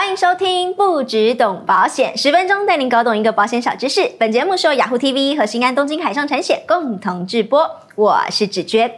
歡迎收聽《不芷懂保險》，十分鐘帶您搞懂一個保險小知識。本節目是由雅虎 TV 和新安東京海上產險共同制播，我是芷娟。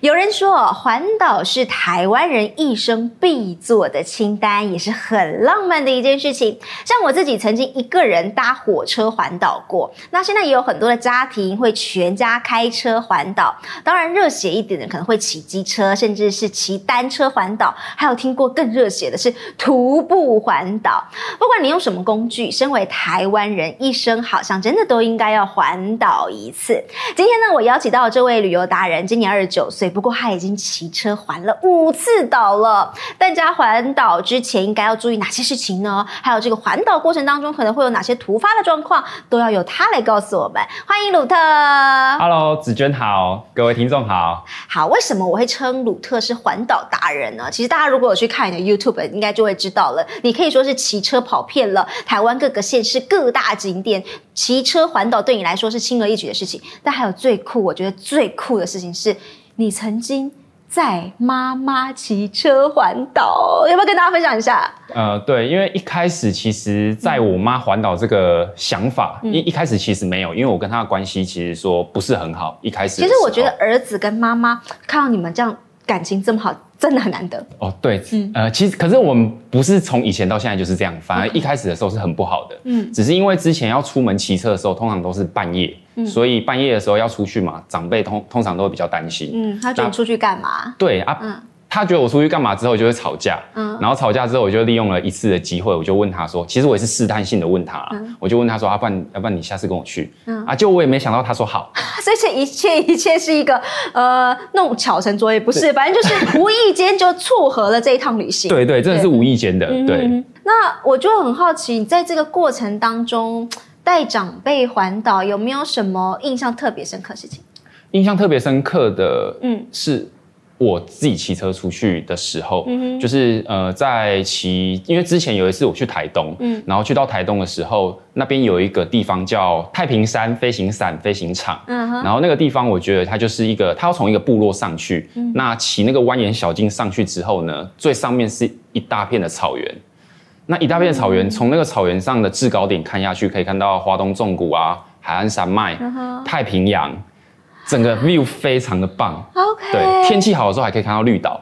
有人說，環島是台灣人一生必做的清單，也是很浪漫的一件事情。像我自己曾經一個人搭火車環島過，那現在也有很多的家庭會全家開車環島。當然，熱血一點的可能會騎機車，甚至是騎單車環島。還有聽過更熱血的是徒步環島。不管你用什麼工具，身為台灣人，一生好像真的都應該要環島一次。今天呢，我邀請到這位旅遊達人，今年二十九歲。不過他已經騎車環了五次島了。大家環島之前應該要注意哪些事情呢？還有這個環島過程當中可能會有哪些突發的狀況，都要由他來告訴我們。歡迎魯特，Hello，芷娟好，各位聽眾好，好。為什麼我會稱魯特是環島達人呢？其實大家如果有去看你的 YouTube，應該就會知道了。你可以說是騎車跑遍了台灣各個縣市、各大景點，騎車環島對你來說是輕而易舉的事情。但還有最酷，我覺得最酷的事情是。你曾經載媽媽騎車環島，要不要跟大家分享一下？呃，對，因為一開始其實，載我媽環島這個想法，嗯、一一開始其實沒有，因為我跟她的關係其實說不是很好。一開始，其實我覺得兒子跟媽媽，看到你們這樣感情這麼好。真的很難得哦，對，嗯，呃，其實可是我們不是從以前到現在就是這樣，反而一開始的時候是很不好的，嗯，只是因為之前要出門騎車的時候，通常都是半夜，嗯，所以半夜的時候要出去嘛，長輩通通常都會比較擔心，嗯，他覺得出去幹嘛？對啊，嗯。他覺得我出去幹嘛，之後就會吵架，嗯，然後吵架之後我就利用了一次的機會，我就問他說，其實我也是試探性的問他，啊嗯，我就問他說，啊、啊、不然要，啊、不然你下次跟我去，嗯，啊，就我也沒想到他說好，所以這一切一切是一個呃弄巧成拙也不是，反正就是無意間就撮合了這一趟旅行，對對，對，對，真的是無意間的，對對嗯哼嗯哼，對。那我就很好奇，你在這個過程當中帶長輩環島有沒有什麼印象特別深刻的事情？印象特別深刻的，嗯，是。我自己騎車出去的時候，嗯、哼就是呃，在騎，因為之前有一次我去台東，嗯、然後去到台東的時候，那邊有一個地方叫太平山飛行傘飛行場、嗯哼，然後那個地方我覺得它就是一個，它要從一個部落上去，嗯、那騎那個蜿蜒小徑上去之後呢，最上面是一大片的草原，那一大片的草原從、嗯、那個草原上的制高點看下去，可以看到花東縱谷啊、海岸山脈、嗯、太平洋。整個 view 非常的棒，OK，對，天氣好的時候還可以看到綠島，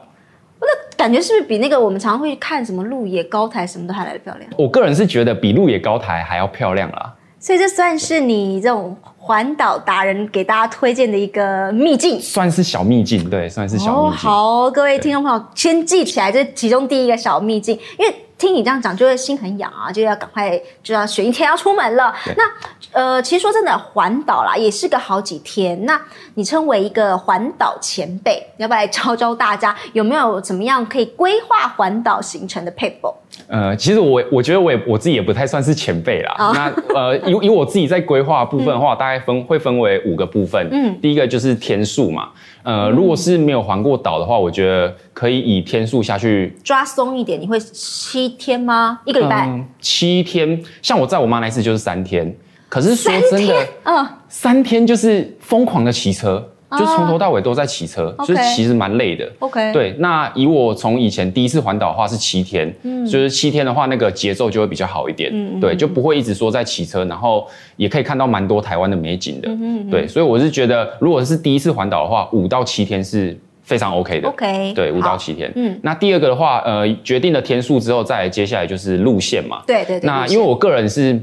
那感覺是不是比那個我們常常會看什麼鹿野高台什麼都還來得漂亮？我個人是覺得比鹿野高台還要漂亮啦。所以這算是你這種環島達人給大家推薦的一個秘境，算是小秘境，對，算是小秘境。哦、好、哦，各位聽眾朋友，先記起來，這是其中第一個小秘境，因為。聽你這樣講，就會心很癢啊，就要趕快就要選一天要出門了。那呃，其實說真的，環島啦也是個好幾天。那你稱為一個環島前輩，要不要教教大家有沒有怎麼樣可以規劃環島行程的撇步？呃，其實我我覺得我也我自己也不太算是前輩啦。哦、那呃，以、以我自己在規劃部分的話，嗯、大概分會分為五個部分。嗯，第一個就是天數嘛。呃，如果是沒有環過島的話、嗯，我覺得可以以天數下去抓鬆一點。你會七天嗎？一個禮拜、嗯，七天？像我載我媽那次就是三天，可是說真的，三天嗯，三天就是瘋狂的騎車。就從頭到尾都在騎車，啊、okay, 所以其實蠻累的。Okay, 對，那以我從以前第一次環島的話是七天，嗯，就是七天的話那個節奏就會比較好一點嗯嗯，對，就不會一直說在騎車，然後也可以看到蠻多台灣的美景的嗯嗯嗯。對，所以我是覺得如果是第一次環島的話，五到七天是非常 OK 的。Okay, 對，五到七天。嗯，那第二個的話，呃，決定了天數之後，再接下來就是路線嘛。對對對。那因為我個人是，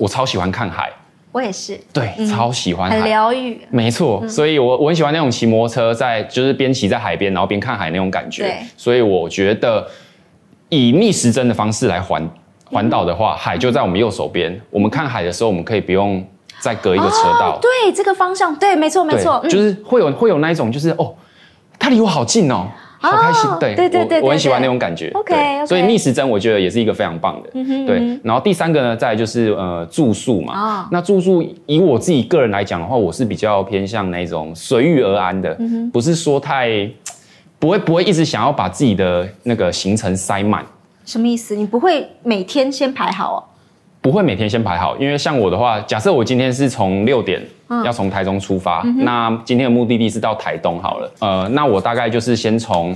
我超喜歡看海。我也是，對，嗯、超喜歡海，很療癒，沒錯。所以我，我我很喜歡那種騎摩托車在，就是邊騎在海邊，然後邊看海那種感覺。所以我覺得以逆時針的方式來環環島的話、嗯，海就在我們右手邊、嗯。我們看海的時候，我們可以不用再隔一個車道。哦、對，這個方向，對，沒錯，沒錯、嗯，就是會有會有那一種，就是哦，它離我好近哦。好開心、哦，對對對，對，對我很喜歡那種感覺。對對對 OK，okay 所以逆時針我覺得也是一個非常棒的。嗯、對，然後第三個呢，再來就是呃住宿嘛。嗯、那住宿以我自己個人來講的話，我是比較偏向那種隨遇而安的，嗯、不是說太不會不會一直想要把自己的那個行程塞滿。什麼意思？你不會每天先排好、哦？不會每天先排好，因為像我的話，假設我今天是從六點要從台中出發，嗯，那今天的目的地是到台東好了。嗯、呃，那我大概就是先從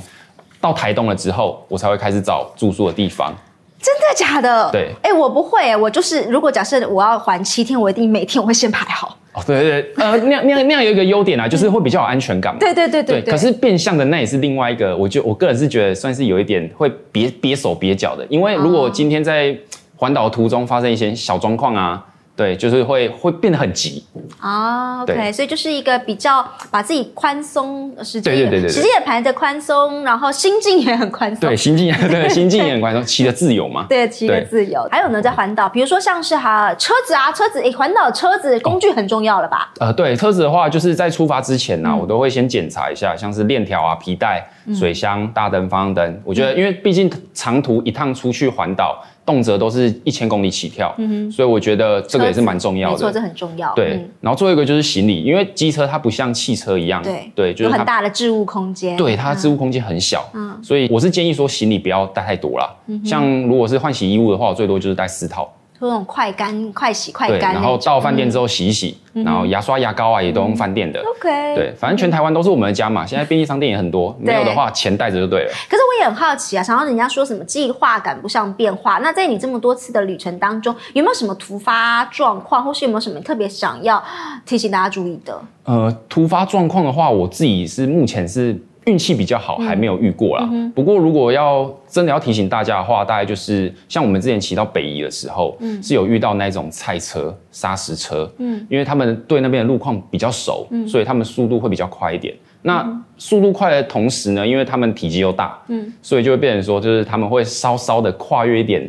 到台東了之後，我才會開始找住宿的地方。真的假的？對，哎、欸，我不會、欸，我就是如果假設我要環七天，我一定每天我會先排好。哦，對對對，呃，那樣那樣那樣有一個優點啊， 就是會比較有安全感嘛。對對，對對對對。對，可是變相的那也是另外一個，我就我個人是覺得算是有一點會憋憋手憋腳的，因為如果今天在。嗯環島途中發生一些小狀況啊，對，就是會會變得很急啊。Okay, 對，所以就是一個比較把自己寬鬆時間，對對對對，時間也排得寬鬆，然後心境也很寬鬆。對，心境也對，心境也很寬鬆，騎得自由嘛。對，騎得自由。還有呢，在環島，比如說像是哈車子啊，車子，欸、環島車子工具很重要了吧、哦？呃，對，車子的話就是在出發之前呢、啊嗯，我都會先檢查一下，像是鏈條啊、皮帶。水箱、嗯、大燈、方向燈，我覺得，因為畢竟長途一趟出去環島，動輒都是一千公里起跳，嗯，所以我覺得這個也是蠻重要的，沒錯，這很重要。對、嗯，然後最後一個就是行李，因為機車它不像汽車一樣，對對、就是，有很大的置物空間，對它的置物空間很小，嗯，嗯，所以我是建議說行李不要帶太多啦、嗯，像如果是換洗衣物的話，我最多就是帶四套。那種快乾、快洗、快乾，然後到飯店之後洗一洗，嗯、然後牙刷、牙膏啊也都用飯店的。OK，嗯、對，反正全台灣都是我們的家嘛、嗯。現在便利商店也很多，沒有的話錢帶着就對了。可是我也很好奇啊，想要人家說什麼計劃趕不上變化，那在你這麼多次的旅程當中，有沒有什麼突發狀況，或是有沒有什麼特別想要提醒大家注意的？呃，突發狀況的話，我自己是目前是。運氣比較好，還沒有遇過啦。嗯、不過，如果要真的要提醒大家的話，大概就是像我們之前騎到北宜的時候、嗯，是有遇到那種菜車、砂石車。嗯，因為他們對那邊的路況比較熟、嗯，所以他們速度會比較快一點、嗯。那速度快的同時呢，因為他們體積又大，嗯，所以就會變成說，就是他們會稍稍的跨越一點。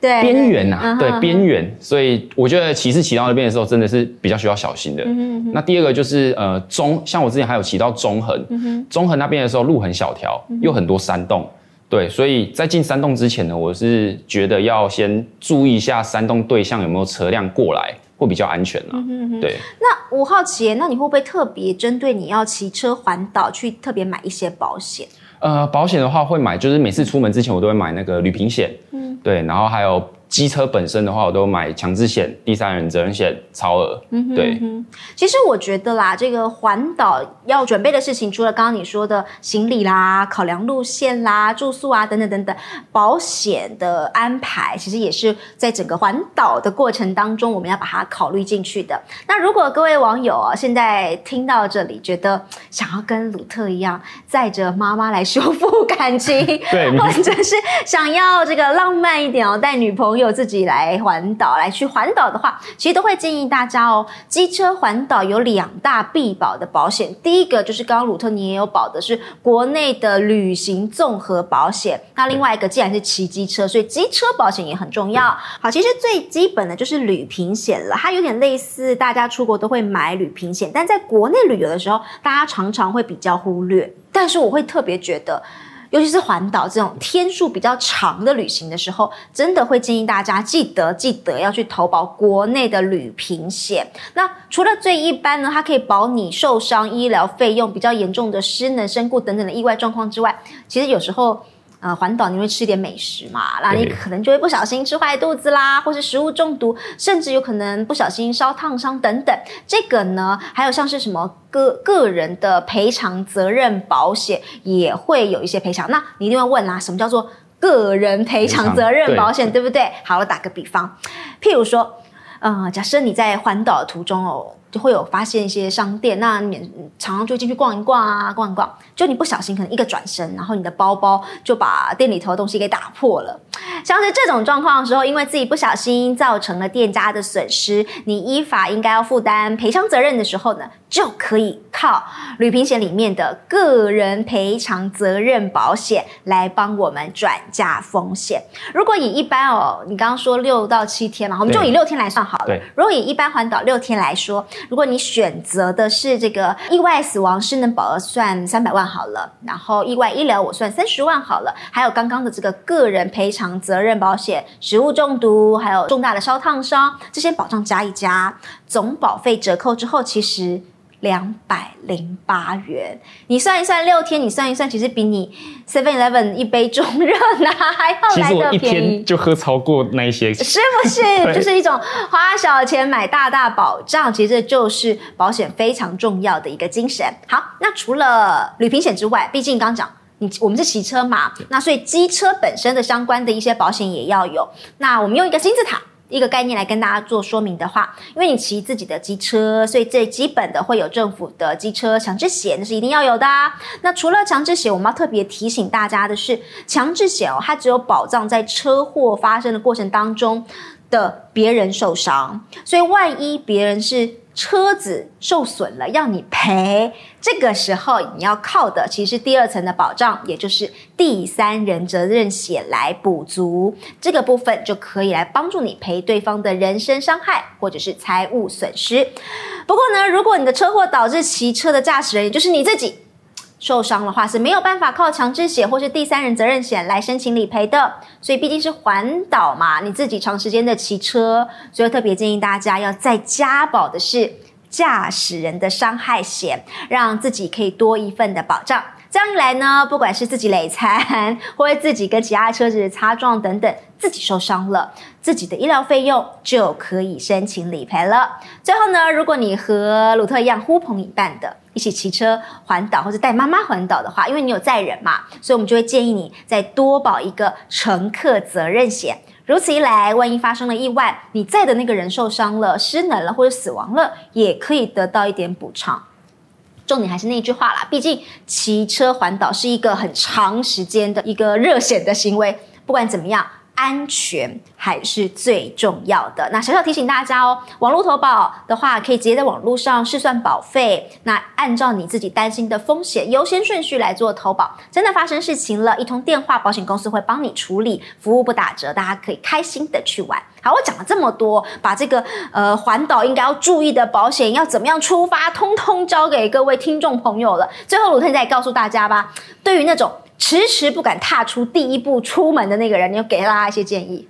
邊緣吶，對邊緣、嗯嗯，所以我覺得騎士騎到那邊的時候，真的是比較需要小心的。嗯，嗯那第二個就是呃中，像我之前還有騎到中橫、嗯嗯，中橫那邊的時候路很小條、嗯，又很多山洞，對，所以在進山洞之前呢，我是覺得要先注意一下山洞對向有沒有車輛過來，會比較安全了、啊。嗯嗯，嗯對。那我好奇，那你會不會特別針對你要騎車環島去特別買一些保險？呃，保險的話會買，就是每次出門之前我都會買那個旅行險，嗯，對，然後還有。機車本身的話，我都買強制險、第三人責任險、超額。嗯，對。嗯。其實我覺得啦，這個環島要準備的事情，除了剛剛你說的行李啦、考量路線啦、住宿啊等等等等，保險的安排其實也是在整個環島的過程當中，我們要把它考慮進去的。那如果各位網友喔，現在聽到這裡，覺得想要跟魯特一樣載着媽媽來修復感情，對，或者是想要這個浪漫一點哦，帶女朋友。 有自己來環島，來去環島的話，其實都會建議大家哦，機車環島有兩大必保的保險，第一個就是剛剛魯特你也有保的是國內的旅行綜合保險。那另外一個既然是騎機車，所以機車保險也很重要。好，其實最基本的就是旅平險了，它有點類似大家出國都會買旅平險，但在國內旅遊的時候，大家常常會比較忽略。但是我會特別覺得。尤其是環島這種天數比較長的旅行的時候，真的會建議大家記得記得要去投保國內的旅平險。那除了最一般呢，它可以保你受傷、醫療費用比較嚴重的失能、身故等等的意外狀況之外，其實有時候。呃，環島你會吃一點美食嘛？那你可能就會不小心吃壞肚子啦，或是食物中毒，甚至有可能不小心燒燙傷等等。這個呢，還有像是什麼個個人的賠償責任保險也會有一些賠償。那你一定要問啦，啊，什麼叫做個人賠償責任保險，對，對不對？好，我打個比方，譬如說，呃，假設你在環島途中哦，就會有發現一些商店，那你，你常常就進去逛一逛啊，逛一逛。就你不小心可能一個轉身，然後你的包包就把店裡頭的東西給打破了。像是這種狀況的時候，因為自己不小心造成了店家的損失，你依法應該要負擔賠償責任的時候呢，就可以靠旅平險裡面的個人賠償責任保險來幫我們轉嫁風險。如果以一般哦，你剛剛說六到七天嘛，我們就以六天來算好了對。對。如果以一般環島六天來說，如果你選擇的是這個意外死亡失能保額算三百萬。好了，然後意外醫療我算三十萬好了，還有剛剛的這個個人賠償責任保險，食物中毒，還有重大的燒燙傷，這些保障加一加，總保費折扣之後，其實。兩百零八元，你算一算六天，你算一算，其實比你 Seven Eleven 一杯中熱拿啊，還要來得便宜，一天就喝超過那一些，是不是？就是一種花小錢買大大保障，這其實就是保險非常重要的一個精神。好，那除了旅平險之外，畢竟剛剛講你我們是騎車嘛，那所以機車本身的相關的一些保險也要有。那我們用一個金字塔。一個概念來跟大家做說明的話，因為你騎自己的機車，所以最基本的會有政府的機車強制險那是一定要有的啊。那除了強制險，我們要特別提醒大家的是，強制險哦，它只有保障在車禍發生的過程當中。的別人受傷，所以萬一別人是車子受損了要你賠，這個時候你要靠的其實是第二層的保障，也就是第三人責任險來補足這個部分，就可以來幫助你賠對方的人身傷害或者是財務損失。不過呢，如果你的車禍導致騎車的駕駛人，也就是你自己。受傷的話是沒有辦法靠強制險或是第三人責任險來申請理賠的，所以畢竟是環島嘛，你自己長時間的騎車，所以我特別建議大家要再加保的是駕駛人的傷害險，讓自己可以多一份的保障。這樣一來呢，不管是自己累殘，或者自己跟其他車子擦撞等等，自己受傷了，自己的醫療費用就可以申請理賠了。最後呢，如果你和魯特一樣呼朋引伴的。一起騎車環島，或者帶媽媽環島的話，因為你有載人嘛，所以我們就會建議你再多保一個乘客責任險。如此一來，萬一發生了意外，你載的那個人受傷了，失能了或者死亡了，也可以得到一點補償。重點還是那句話啦，畢竟騎車環島是一個很長時間的一個熱險的行為，不管怎麼樣。安全還是最重要的。那小小提醒大家哦，網絡投保的話，可以直接在網絡上試算保費。那按照你自己擔心的風險優先順序來做投保。真的發生事情了，一通電話，保險公司會幫你處理，服務不打折，大家可以開心的去玩。好，我講了這麼多，把這個呃環島應該要注意的保險要怎麼樣出發，通通交給各位聽眾朋友了。最後，魯特再來告訴大家吧，對於那種。遲遲不敢踏出第一步出門的那個人，你就給大家一些建議。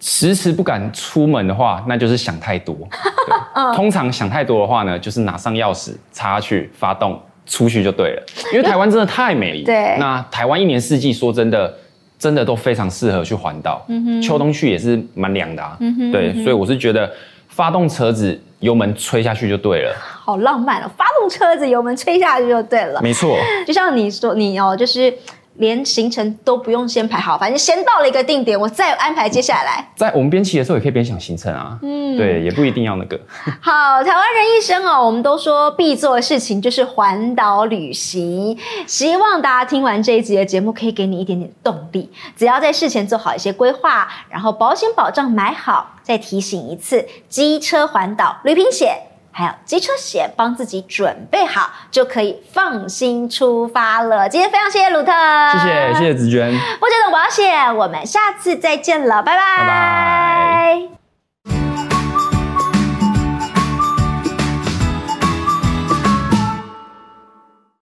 遲遲不敢出門的話，那就是想太多。 嗯、通常想太多的話呢，就是拿上鑰匙插去發動出去就對了。因為台灣真的太美麗。 對。那台灣一年四季，說真的，真的都非常適合去環島。嗯哼。秋冬去也是蠻涼的、啊。嗯哼，嗯哼。對。所以我是覺得，發動車子油門吹下去就對了。好浪漫啊、喔！發動車子油門吹下去就對了。沒錯。就像你說，你哦、喔，就是。連行程都不用先排好，反正先到了一個定點，我再安排接下來。在我們邊騎的時候也可以邊想行程啊，嗯，對，也不一定要那個。 好，台灣人一生哦，我們都說必做的事情就是環島旅行。希望大家聽完這一集的節目，可以給你一點點動力。只要在事前做好一些規劃，然後保險保障買好，再提醒一次，機車環島旅平險。還有機車險，幫自己準備好，就可以放心出發了。今天非常謝謝魯特，謝謝謝謝子娟。不芷懂保險，我們下次再見了，拜拜。拜拜。